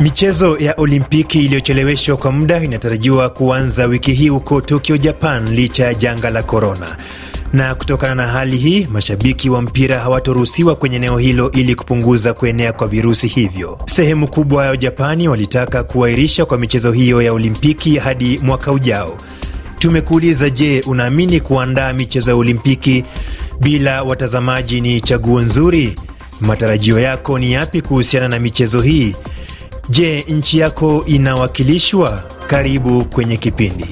Michezo ya Olimpiki iliyocheleweshwa kwa muda inatarajiwa kuanza wiki hii huko Tokyo, Japan, licha ya janga la korona. Na kutokana na hali hii, mashabiki wa mpira hawatoruhusiwa kwenye eneo hilo ili kupunguza kuenea kwa virusi hivyo. Sehemu kubwa ya Japani walitaka kuahirisha kwa michezo hiyo ya Olimpiki hadi mwaka ujao. Tumekuuliza, je, unaamini kuandaa michezo ya Olimpiki bila watazamaji ni chaguo nzuri? Matarajio yako ni yapi kuhusiana na michezo hii? Je, nchi yako inawakilishwa? Karibu kwenye kipindi.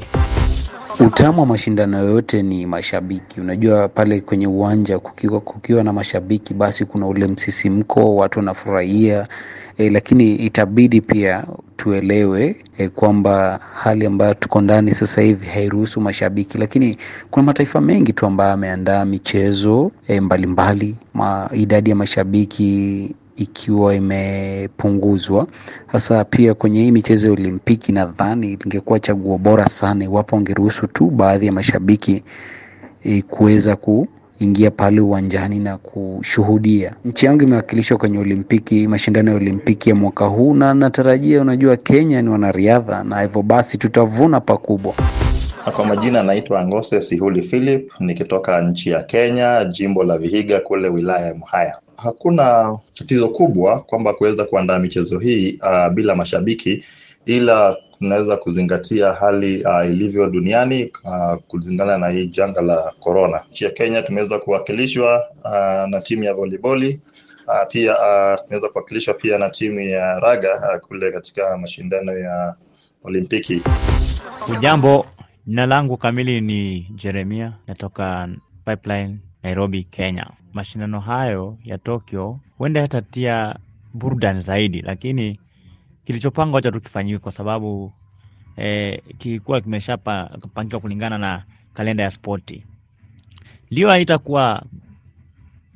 Utamu wa mashindano yoyote ni mashabiki. Unajua, pale kwenye uwanja kukiwa, kukiwa na mashabiki, basi kuna ule msisimko, watu wanafurahia E, lakini itabidi pia tuelewe e, kwamba hali ambayo tuko ndani sasa hivi hairuhusu mashabiki, lakini kuna mataifa mengi tu ambayo ameandaa michezo e, mbalimbali ma, idadi ya mashabiki ikiwa imepunguzwa. Sasa pia kwenye hii michezo ya Olimpiki, nadhani ingekuwa chaguo bora sana iwapo wangeruhusu tu baadhi ya mashabiki e, kuweza ku kuingia pale uwanjani na kushuhudia. Nchi yangu imewakilishwa kwenye Olimpiki, mashindano ya Olimpiki ya mwaka huu, na natarajia, unajua Kenya ni wanariadha, na hivyo basi tutavuna pakubwa. Kwa majina anaitwa Ngose Sihuli Philip, nikitoka nchi ya Kenya, jimbo la Vihiga kule wilaya ya Muhaya. Hakuna tatizo kubwa kwamba kuweza kuandaa michezo hii uh, bila mashabiki, ila tunaweza kuzingatia hali uh, ilivyo duniani uh, kulingana na hii janga la korona. Nchi ya Kenya tumeweza kuwakilishwa uh, na timu ya voliboli uh, pia uh, tumeweza kuwakilishwa pia na timu ya raga uh, kule katika mashindano ya Olimpiki. Ujambo, jina langu kamili ni Jeremia, natoka Pipeline, Nairobi, Kenya. Mashindano hayo ya Tokyo huenda yatatia burudani zaidi, lakini kilichopangwa cha tukifanyiwe, kwa sababu eh, kilikuwa kimeshapangika kulingana na kalenda ya spoti. Ndio haitakuwa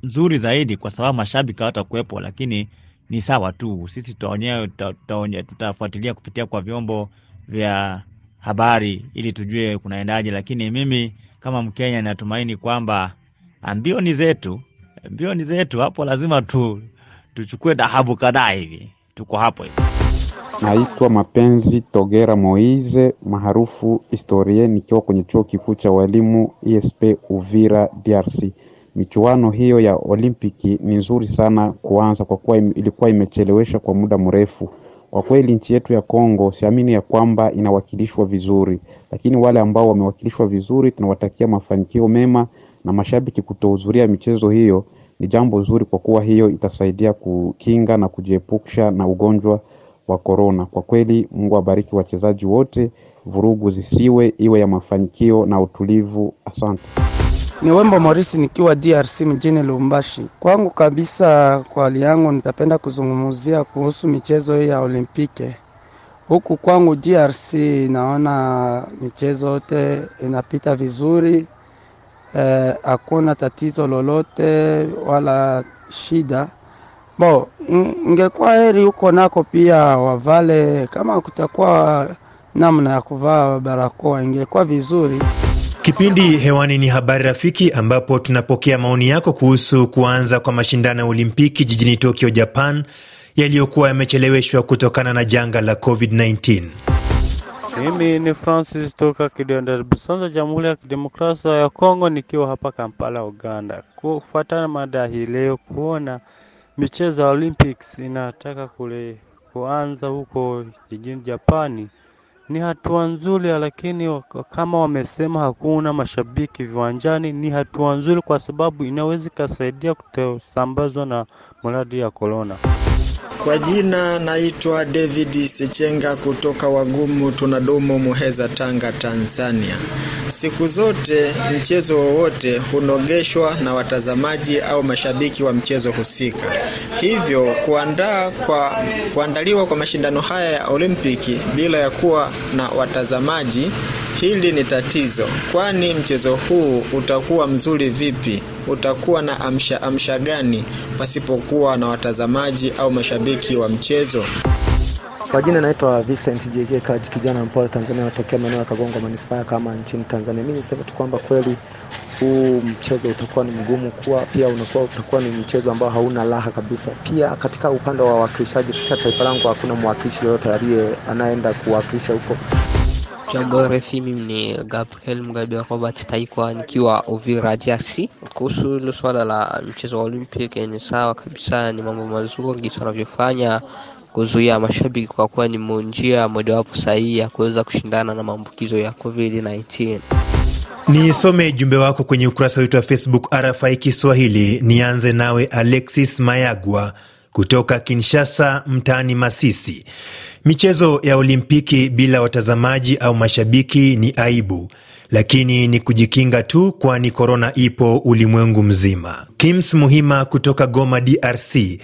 nzuri zaidi, kwa sababu mashabiki hawatakuwepo, lakini ni sawa tu, sisi tutaonyea, tutafuatilia kupitia kwa vyombo vya habari ili tujue kunaendaje. Lakini mimi kama Mkenya natumaini kwamba ah, mbio ni zetu, mbio ni zetu, hapo lazima tu tuchukue dhahabu kadhaa hivi, tuko hapo hivi. Naitwa Mapenzi Togera Moise maarufu historie nikiwa kwenye Chuo Kikuu cha Walimu ESP Uvira DRC michuano hiyo ya olimpiki ni nzuri sana kuanza kwa kuwa ilikuwa imecheleweshwa kwa muda mrefu kwa kweli nchi yetu ya Kongo siamini ya kwamba inawakilishwa vizuri lakini wale ambao wamewakilishwa vizuri tunawatakia mafanikio mema na mashabiki kutohudhuria michezo hiyo ni jambo zuri kwa kuwa hiyo itasaidia kukinga na kujiepusha na ugonjwa wa Corona. Kwa kweli Mungu abariki wachezaji wote, vurugu zisiwe, iwe ya mafanikio na utulivu. Asante. Ni Wembo Morisi nikiwa DRC mjini Lubumbashi. Kwangu kabisa, kwa hali yangu, nitapenda kuzungumzia kuhusu michezo hii ya Olimpike. Huku kwangu DRC naona michezo yote inapita vizuri, eh, hakuna eh, tatizo lolote wala shida. Bo, ingekuwa heri huko nako pia wavale, kama kutakuwa namna ya kuvaa barakoa ingekuwa vizuri. Kipindi hewani ni Habari Rafiki, ambapo tunapokea maoni yako kuhusu kuanza kwa mashindano ya Olimpiki jijini Tokyo, Japan, yaliyokuwa yamecheleweshwa kutokana na janga la COVID-19. Mimi ni Francis toka Kidonda Busanza, Jamhuri ya Kidemokrasia ya Kongo, nikiwa hapa Kampala, Uganda, kufuatana mada hii leo kuona michezo ya Olympics inataka kule kuanza huko jijini Japani ni hatua nzuri, lakini kama wamesema hakuna mashabiki viwanjani, ni hatua nzuri kwa sababu inaweza ikasaidia kutosambazwa na maradhi ya korona. Kwa jina naitwa David Sechenga kutoka Wagumu tunadumu Muheza, Tanga, Tanzania. Siku zote mchezo wowote hunogeshwa na watazamaji au mashabiki wa mchezo husika. Hivyo kuandaa kwa, kuandaliwa kwa mashindano haya ya Olimpiki bila ya kuwa na watazamaji Hili ni tatizo, kwani mchezo huu utakuwa mzuri vipi? Utakuwa na amsha amsha gani pasipokuwa na watazamaji au mashabiki wa mchezo? Kwa jina naitwa Vincent JJ Kaji, kijana mpole Tanzania, natokea maeneo ya Kagongo manispaa kama nchini Tanzania. Mimi nisema tu kwamba kweli huu mchezo utakuwa ni mgumu kuwa pia unakuwa utakuwa ni mchezo ambao hauna raha kabisa. Pia katika upande wa wawakilishaji, katika taifa langu hakuna mwakilishi yoyote aliye anaenda kuwakilisha huko. Jambo refi, mimi ni Gabriel Mugabe Robert Taikwa nikiwa Uvira DRC. Kuhusu hilo swala la mchezo wa Olympic, ni sawa kabisa, ni mambo mazuri jinsi wanavyofanya kuzuia mashabiki kwa kuwa ni njia mojawapo sahihi ya kuweza kushindana na maambukizo ya COVID-19. Nisome jumbe wako kwenye ukurasa wetu wa Facebook RFI Kiswahili. Nianze nawe Alexis Mayagwa kutoka Kinshasa, mtaani Masisi. Michezo ya Olimpiki bila watazamaji au mashabiki ni aibu, lakini ni kujikinga tu, kwani korona ipo ulimwengu mzima. Kims Muhima kutoka Goma, DRC.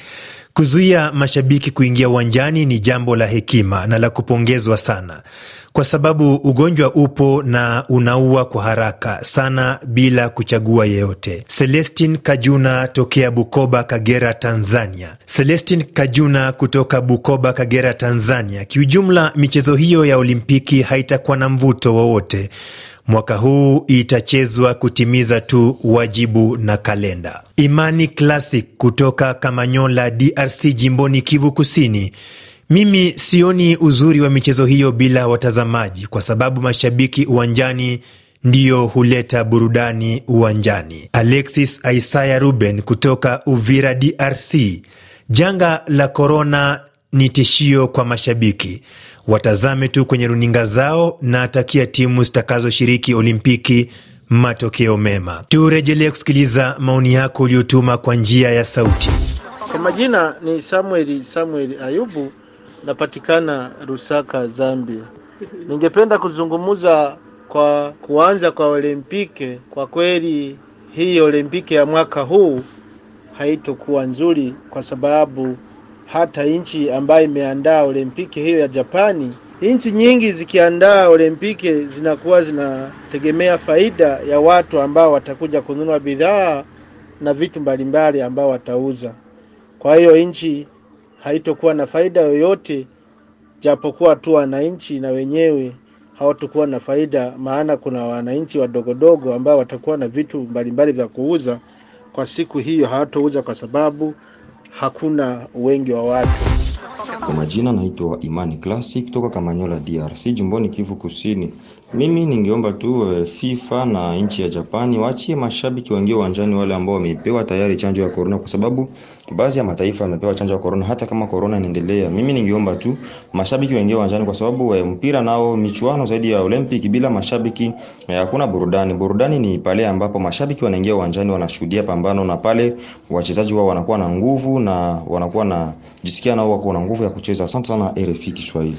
Kuzuia mashabiki kuingia uwanjani ni jambo la hekima na la kupongezwa sana, kwa sababu ugonjwa upo na unaua kwa haraka sana bila kuchagua yeyote. Celestin Kajuna tokea Bukoba, Kagera, Tanzania. Celestin Kajuna kutoka Bukoba, Kagera, Tanzania. Kiujumla, michezo hiyo ya Olimpiki haitakuwa na mvuto wowote mwaka huu itachezwa kutimiza tu wajibu na kalenda. Imani Classic kutoka Kamanyola, DRC, jimboni Kivu Kusini. Mimi sioni uzuri wa michezo hiyo bila watazamaji, kwa sababu mashabiki uwanjani ndiyo huleta burudani uwanjani. Alexis Isaya Ruben kutoka Uvira, DRC. Janga la korona ni tishio kwa mashabiki watazame tu kwenye runinga zao na atakia timu zitakazoshiriki Olimpiki matokeo mema. Turejelee kusikiliza maoni yako uliotuma kwa njia ya sauti. Kwa majina ni Samuel Samuel Ayubu, napatikana rusaka Zambia. Ningependa kuzungumza kwa kuanza kwa Olimpiki. Kwa kweli hii Olimpiki ya mwaka huu haitokuwa nzuri kwa sababu hata nchi ambayo imeandaa olimpiki hiyo ya Japani. Nchi nyingi zikiandaa olimpiki zinakuwa zinategemea faida ya watu ambao watakuja kununua bidhaa na vitu mbalimbali ambao watauza. Kwa hiyo nchi haitokuwa na faida yoyote, japokuwa tu wananchi na wenyewe hawatakuwa na faida, maana kuna wananchi wadogodogo ambao watakuwa na vitu mbalimbali vya kuuza kwa siku hiyo, hawatouza kwa sababu hakuna wengi wa watu. Kwa majina naitwa Imani Classic kutoka Kamanyola, DRC, jumboni Kivu Kusini. Mimi ningeomba tu eh, FIFA na nchi ya Japani waachie mashabiki waingie uwanjani wale ambao wamepewa tayari chanjo ya corona, kwa sababu baadhi ya mataifa yamepewa chanjo ya corona hata kama corona inaendelea. Mimi ningeomba tu mashabiki waingie uwanjani, kwa sababu eh, mpira nao michuano zaidi ya Olympic, bila mashabiki eh, hakuna burudani. Burudani ni pale ambapo mashabiki wanaingia uwanjani, wanashuhudia pambano, na pale wachezaji wao wanakuwa na nguvu na wanakuwa na jisikia nao wako na nguvu ya kucheza. Asante sana RFI Kiswahili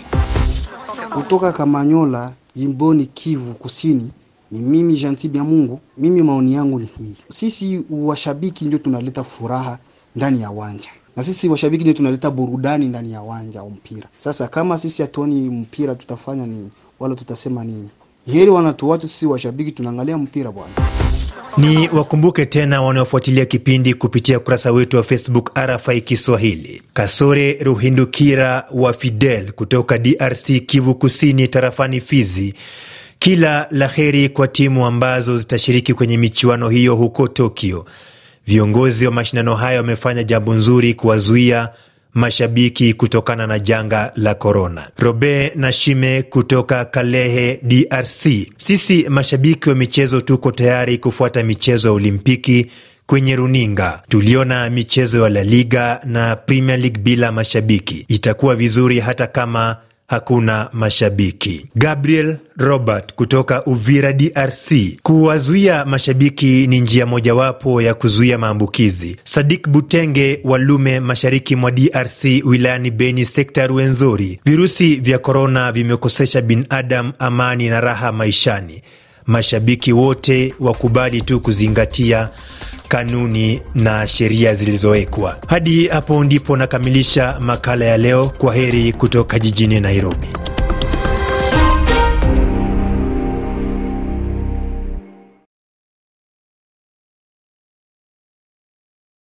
kutoka Kamanyola jimboni Kivu Kusini ni mimi Janti Bya Mungu. Mimi maoni yangu ni hii, sisi washabiki ndio tunaleta furaha ndani ya wanja na sisi washabiki ndio tunaleta burudani ndani ya wanja wa mpira. Sasa kama sisi hatuoni mpira tutafanya nini? Wala tutasema nini? Heri wanatuwatu sisi washabiki tunaangalia mpira bwana. Ni wakumbuke tena wanaofuatilia kipindi kupitia ukurasa wetu wa Facebook RFI Kiswahili. Kasore Ruhindukira wa Fidel kutoka DRC, Kivu Kusini, tarafani Fizi, kila la heri kwa timu ambazo zitashiriki kwenye michuano hiyo huko Tokyo. Viongozi wa mashindano hayo wamefanya jambo nzuri kuwazuia mashabiki kutokana na janga la korona. robe Nashime kutoka Kalehe, DRC: sisi mashabiki wa michezo tuko tayari kufuata michezo ya Olimpiki kwenye runinga. Tuliona michezo ya La Liga na Premier League bila mashabiki, itakuwa vizuri hata kama hakuna mashabiki. Gabriel Robert kutoka Uvira, DRC. Kuwazuia mashabiki ni njia mojawapo ya kuzuia maambukizi. Sadik Butenge wa Lume, mashariki mwa DRC, wilayani Beni, sekta Ruenzori. Virusi vya korona vimekosesha binadamu amani na raha maishani. Mashabiki wote wakubali tu kuzingatia kanuni na sheria zilizowekwa. Hadi hapo ndipo nakamilisha makala ya leo. Kwa heri kutoka jijini Nairobi.